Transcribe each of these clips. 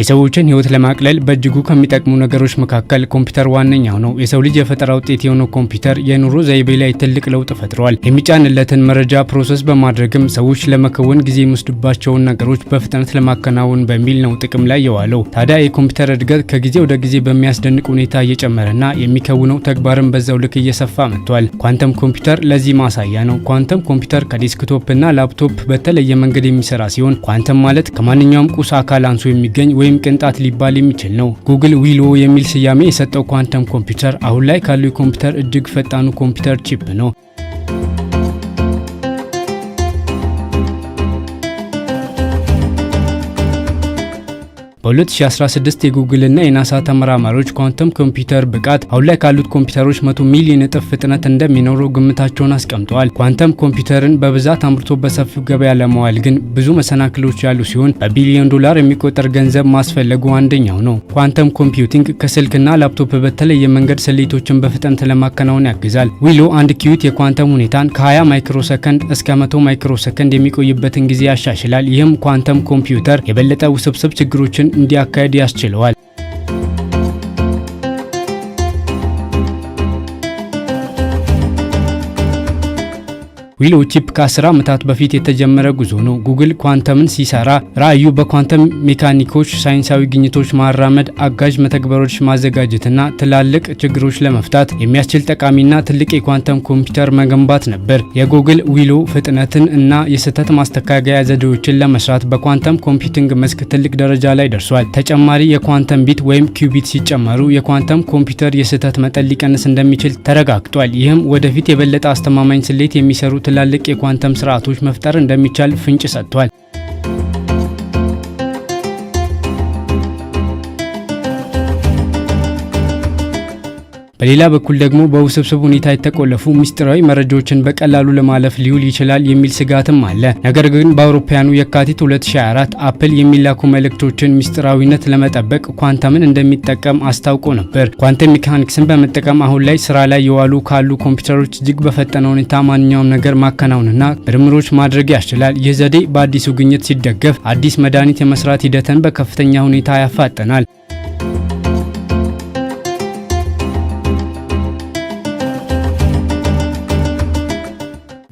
የሰዎችን ህይወት ለማቅለል በእጅጉ ከሚጠቅሙ ነገሮች መካከል ኮምፒውተር ዋነኛው ነው። የሰው ልጅ የፈጠራ ውጤት የሆነው ኮምፒውተር የኑሮ ዘይቤ ላይ ትልቅ ለውጥ ፈጥሯል። የሚጫንለትን መረጃ ፕሮሰስ በማድረግም ሰዎች ለመከወን ጊዜ የሚወስድባቸውን ነገሮች በፍጥነት ለማከናወን በሚል ነው ጥቅም ላይ የዋለው። ታዲያ የኮምፒውተር እድገት ከጊዜ ወደ ጊዜ በሚያስደንቅ ሁኔታ እየጨመረና የሚከውነው ተግባርን በዛው ልክ እየሰፋ መጥቷል። ኳንተም ኮምፒውተር ለዚህ ማሳያ ነው። ኳንተም ኮምፒውተር ከዴስክቶፕ እና ላፕቶፕ በተለየ መንገድ የሚሰራ ሲሆን ኳንተም ማለት ከማንኛውም ቁስ አካል አንሶ የሚገኝ ወይ ወይም ቅንጣት ሊባል የሚችል ነው። ጉግል ዊሎ የሚል ስያሜ የሰጠው ኳንተም ኮምፒውተር አሁን ላይ ካለው የኮምፒውተር እጅግ ፈጣኑ ኮምፒውተር ቺፕ ነው። በ2016 የጉግልና የናሳ ተመራማሪዎች ኳንተም ኮምፒውተር ብቃት አሁን ላይ ካሉት ኮምፒውተሮች 100 ሚሊዮን እጥፍ ፍጥነት እንደሚኖረው ግምታቸውን አስቀምጠዋል። ኳንተም ኮምፒውተርን በብዛት አምርቶ በሰፊው ገበያ ለመዋል ግን ብዙ መሰናክሎች ያሉ ሲሆን በቢሊዮን ዶላር የሚቆጠር ገንዘብ ማስፈለጉ አንደኛው ነው። ኳንተም ኮምፒውቲንግ ከስልክና ላፕቶፕ በተለየ መንገድ ስሌቶችን በፍጥነት ለማከናወን ያግዛል። ዊሎ አንድ ኪዩት የኳንተም ሁኔታን ከ20 ማይክሮሰከንድ እስከ 100 ማይክሮሰከንድ የሚቆይበትን ጊዜ ያሻሽላል። ይህም ኳንተም ኮምፒውተር የበለጠ ውስብስብ ችግሮችን እንዲያካሄድ ያስችለዋል። ዊሎ ቺፕ ከ10 ዓመታት በፊት የተጀመረ ጉዞ ነው። ጉግል ኳንተምን ሲሰራ ራዕዩ በኳንተም ሜካኒኮች ሳይንሳዊ ግኝቶች ማራመድ፣ አጋዥ መተግበሮች ማዘጋጀትና ትላልቅ ችግሮች ለመፍታት የሚያስችል ጠቃሚና ትልቅ የኳንተም ኮምፒውተር መገንባት ነበር። የጉግል ዊሎ ፍጥነትን እና የስህተት ማስተካከያ ዘዴዎችን ለመስራት በኳንተም ኮምፒውቲንግ መስክ ትልቅ ደረጃ ላይ ደርሷል። ተጨማሪ የኳንተም ቢት ወይም ኪውቢት ሲጨመሩ የኳንተም ኮምፒውተር የስህተት መጠን ሊቀንስ እንደሚችል ተረጋግጧል። ይህም ወደፊት የበለጠ አስተማማኝ ስሌት የሚሰሩ ትላልቅ የኳንተም ስርዓቶች መፍጠር እንደሚቻል ፍንጭ ሰጥቷል። በሌላ በኩል ደግሞ በውስብስብ ሁኔታ የተቆለፉ ምስጢራዊ መረጃዎችን በቀላሉ ለማለፍ ሊውል ይችላል የሚል ስጋትም አለ። ነገር ግን በአውሮፓውያኑ የካቲት 2024 አፕል የሚላኩ መልእክቶችን ምስጢራዊነት ለመጠበቅ ኳንተምን እንደሚጠቀም አስታውቆ ነበር። ኳንተም ሜካኒክስን በመጠቀም አሁን ላይ ስራ ላይ የዋሉ ካሉ ኮምፒውተሮች እጅግ በፈጠነ ሁኔታ ማንኛውም ነገር ማከናወንና ምርምሮች ማድረግ ያስችላል። ይህ ዘዴ በአዲሱ ግኝት ሲደገፍ አዲስ መድኃኒት የመስራት ሂደትን በከፍተኛ ሁኔታ ያፋጠናል።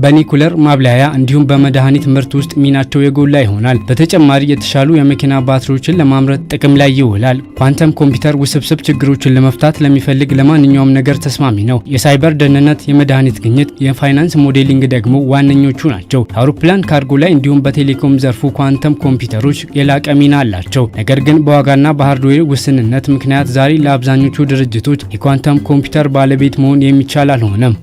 በኒኩለር ማብላያ እንዲሁም በመድኃኒት ምርት ውስጥ ሚናቸው የጎላ ይሆናል። በተጨማሪ የተሻሉ የመኪና ባትሪዎችን ለማምረት ጥቅም ላይ ይውላል። ኳንተም ኮምፒውተር ውስብስብ ችግሮችን ለመፍታት ለሚፈልግ ለማንኛውም ነገር ተስማሚ ነው። የሳይበር ደህንነት፣ የመድኃኒት ግኝት፣ የፋይናንስ ሞዴሊንግ ደግሞ ዋነኞቹ ናቸው። አውሮፕላን ካርጎ ላይ እንዲሁም በቴሌኮም ዘርፉ ኳንተም ኮምፒውተሮች የላቀ ሚና አላቸው። ነገር ግን በዋጋና በሃርድዌር ውስንነት ምክንያት ዛሬ ለአብዛኞቹ ድርጅቶች የኳንተም ኮምፒውተር ባለቤት መሆን የሚቻል አልሆነም።